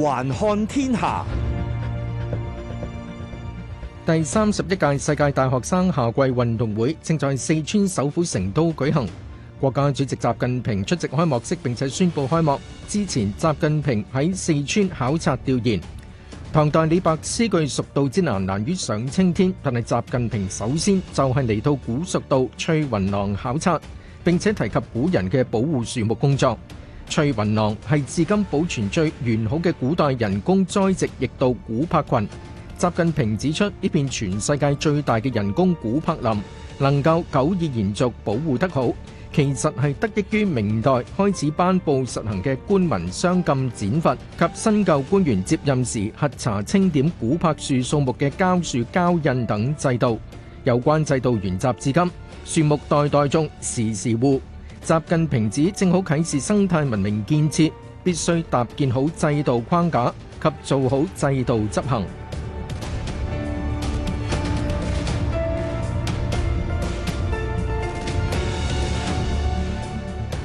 環看天下，第三十一屆世界大學生夏季運動會正在四川首府成都舉行。國家主席習近平出席開幕式，並且宣布開幕。之前，習近平喺四川考察調研。唐代李白詩句“蜀道之難，難於上青天”，但係習近平首先就係嚟到古蜀道翠雲廊考察，並且提及古人嘅保護樹木工作。翠雲廊係至今保存最完好嘅古代人工栽植驛道古柏群。習近平指出，呢片全世界最大嘅人工古柏林能夠久而延續保護得好，其實係得益於明代開始頒布實行嘅官民相禁剪伐及新舊官員接任時核查清點古柏樹數目嘅交樹交印等制度。有關制度沿襲至今，樹木代代種，時時護。習近平指，正好啟示生態文明建設必須搭建好制度框架及做好制度執行。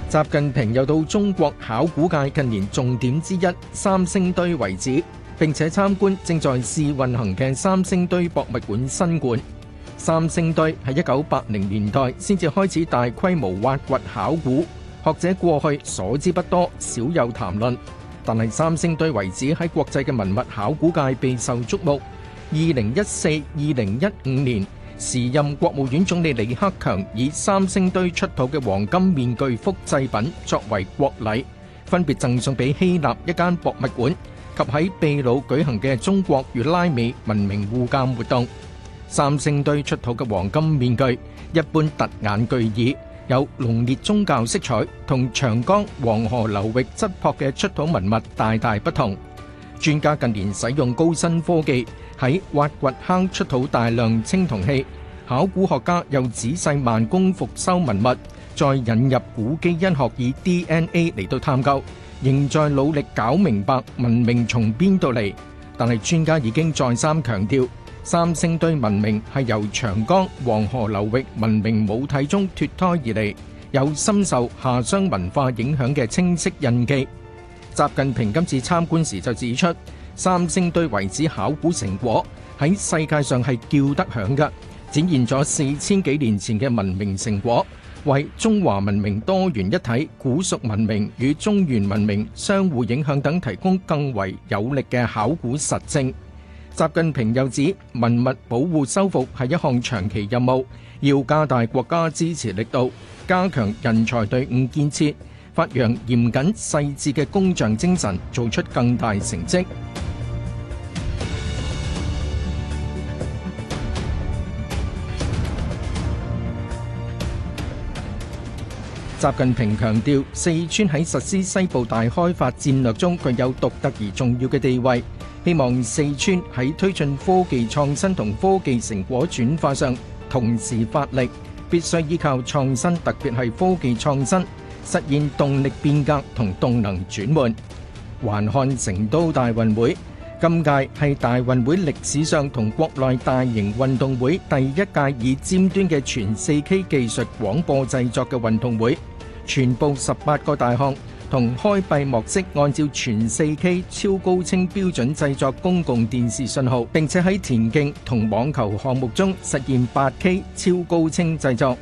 習近平又到中國考古界近年重點之一三星堆遺址，並且參觀正在試運行嘅三星堆博物館新館。三星堆喺一九八零年代先至開始大規模挖掘考古，學者過去所知不多，少有談論。但係三星堆遺址喺國際嘅文物考古界備受矚目。二零一四、二零一五年，時任國務院總理李克強以三星堆出土嘅黃金面具複製品作為國禮，分別贈送俾希臘一間博物館及喺秘魯舉行嘅中國與拉美文明互鑑活動。，三星堆出土嘅黃金面具，一般突眼巨耳，有濃烈宗教色彩，同長江、黃河流域質樸嘅出土文物大大不同。專家近年使用高新科技喺挖掘坑出土大量青銅器，考古學家又仔細慢工複修文物，再引入古基因學以三星堆文明係由長江、黃河流域文明母體中脫胎而嚟，有深受夏商文化影響嘅清晰印記。習近平又指，文物保護修復係一項長期任務，要加大國家支持力度，加強人才隊伍建設，發揚嚴謹細致嘅工匠精神，做出更大成績。習近平強調，四川喺實施西部大開發戰略中具有獨特而重要嘅地位。希望四川喺推進科技創新同科技成果轉化上同時發力，必須依靠創新，特別係科技創新，實現動力變革同動能轉換。環看成都大運會，今屆係大運會歷史上同國內大型運動會第一屆以尖端嘅全 4K 技術廣播製作嘅運動會。全部十八個大項同開閉幕式，按照全四 k 超高清標準製作公共電視信號，並且喺田徑同網球項目中實現八 k 超高清製作，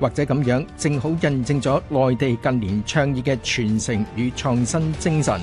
或者咁樣正好印證咗內地近年倡議嘅傳承與創新精神。